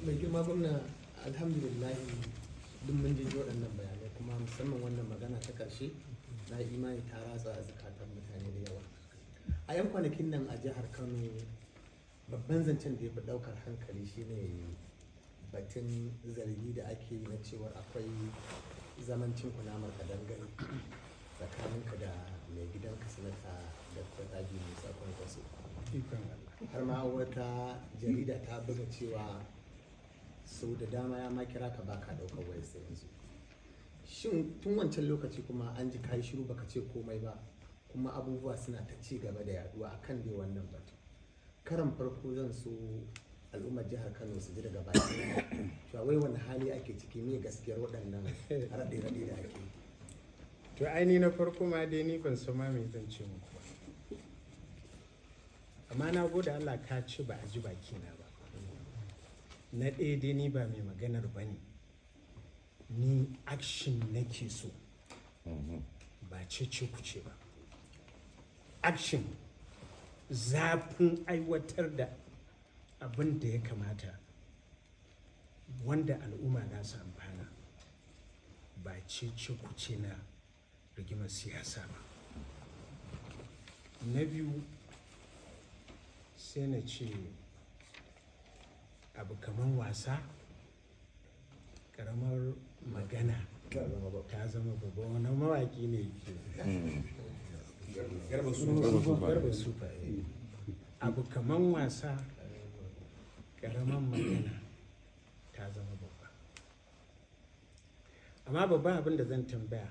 mai girma gwamna alhamdulillahi duk mun ji waɗannan bayanai kuma musamman wannan magana ta ƙarshe na imani ta ratsa a zukatan mutane da yawa a yan kwanakin nan a jihar kano babban zancen da ya fi ɗaukar hankali shine batun zargi da ake yi na cewar akwai zaman zamancin kunamar tsakanin ka da mai ka sanata da kwatabi mai tsakon kwaso har ma wata jarida ta buga cewa Sau da dama ya ma kira ka baka daukar wayar sai yanzu shin tun wancan lokaci kuma an ji kai shiru baka ce komai ba kuma abubuwa suna ta ci gaba da yaduwa akan dai wannan batu karan farko zan so al'ummar jihar Kano su ji daga baki to wai wani hali ake ciki me gaskiyar waɗannan raɗe-raɗe da ake to aini na farko ma dai ni ban so ma me zan ce muku amma na gode Allah ka ci ba a ji baki na ba na ɗaya dai ni ba mai maganar ba ne ni action nake so mm-hmm. ba cece kuce ba action zafin aiwatar da abin da ya kamata wanda al'umma na su amfana ba cece kuce na rigimar siyasa ba na biyu sai na ce abu kamar wasa karamar magana ta zama babba wani mawaki ne garba sufa eh. abu kamar wasa karamar magana ta zama babba amma babban abin da zan tambaya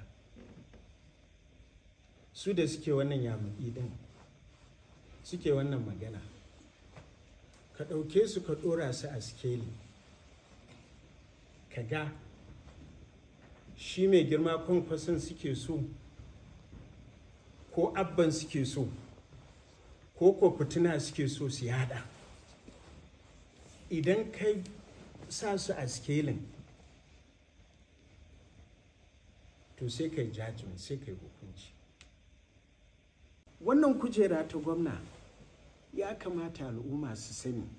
su da suke wannan yamuɗi idan suke wannan magana ka ɗauke su ka ɗora su a skeli ka ga shi mai girma kwankwason suke so ko abban suke so ko ko suke so su yada idan kai sa su a sikelin, to sai kai judgment sai kai hukunci wannan kujera ta gwamna ya kamata al'umma su sani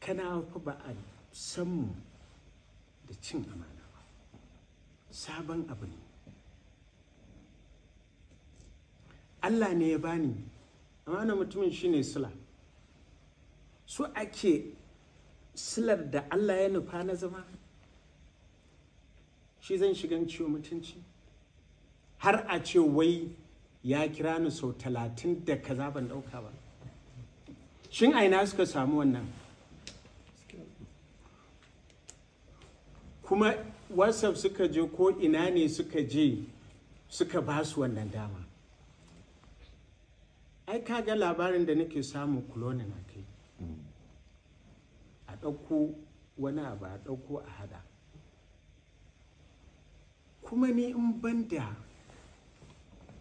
kana fa ba a san mu da cin amana ba sabon abu ne Allah ne ya bani amana mutumin shine sula su ake silar da Allah ya nufa na zama shi zan shigan ciwo mutunci har a ce wai ya kira ni sau talatin da kaza ban ɗauka ba shin aina suka samu wannan kuma whatsapp suka je ko ina ne suka je suka ba su wannan dama ai ga labarin da nake samu kuloni na kai a ɗauko wani abu a ɗauko a hada kuma ni in banda.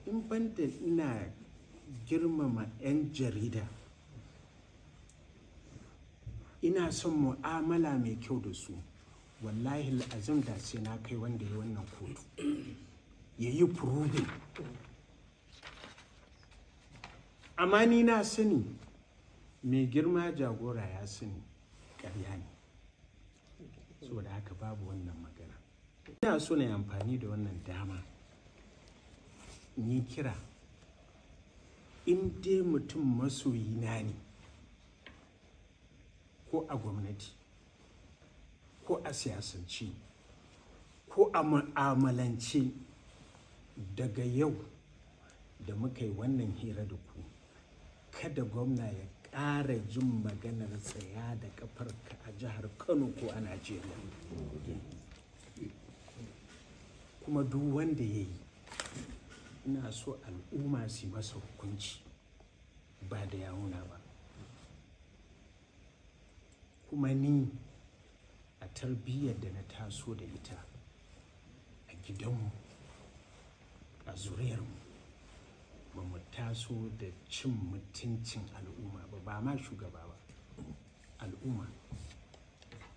in ban da ina girmama 'yan jarida ina son mu'amala mai kyau da su wallahi azim da sai na kai wanda ya wannan kotu ya yi furubin amma ni na sani mai girma jagora ya sani ƙarya ne saboda haka babu wannan magana ina so na amfani da wannan dama Ni kira in dai mutum masoyi na ne ko a gwamnati ko a siyasance ko a mu'amalance, daga yau da muka yi wannan hira da ku kada gwamna ya ƙara jin maganar tsaya da ka a jihar kano ko a najeriya kuma duk wanda ya yi ina so al'umma su masa hukunci ba da yawuna ba kuma ni a tarbiyyar da na taso da ita a gidanmu a zuriyarmu ba mu taso da cin mutuncin al'umma ba ba ma shugaba ba al'umma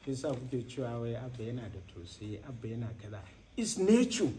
fi sa kuke cewa wai abba yana da tausayi abba yana kaza is nature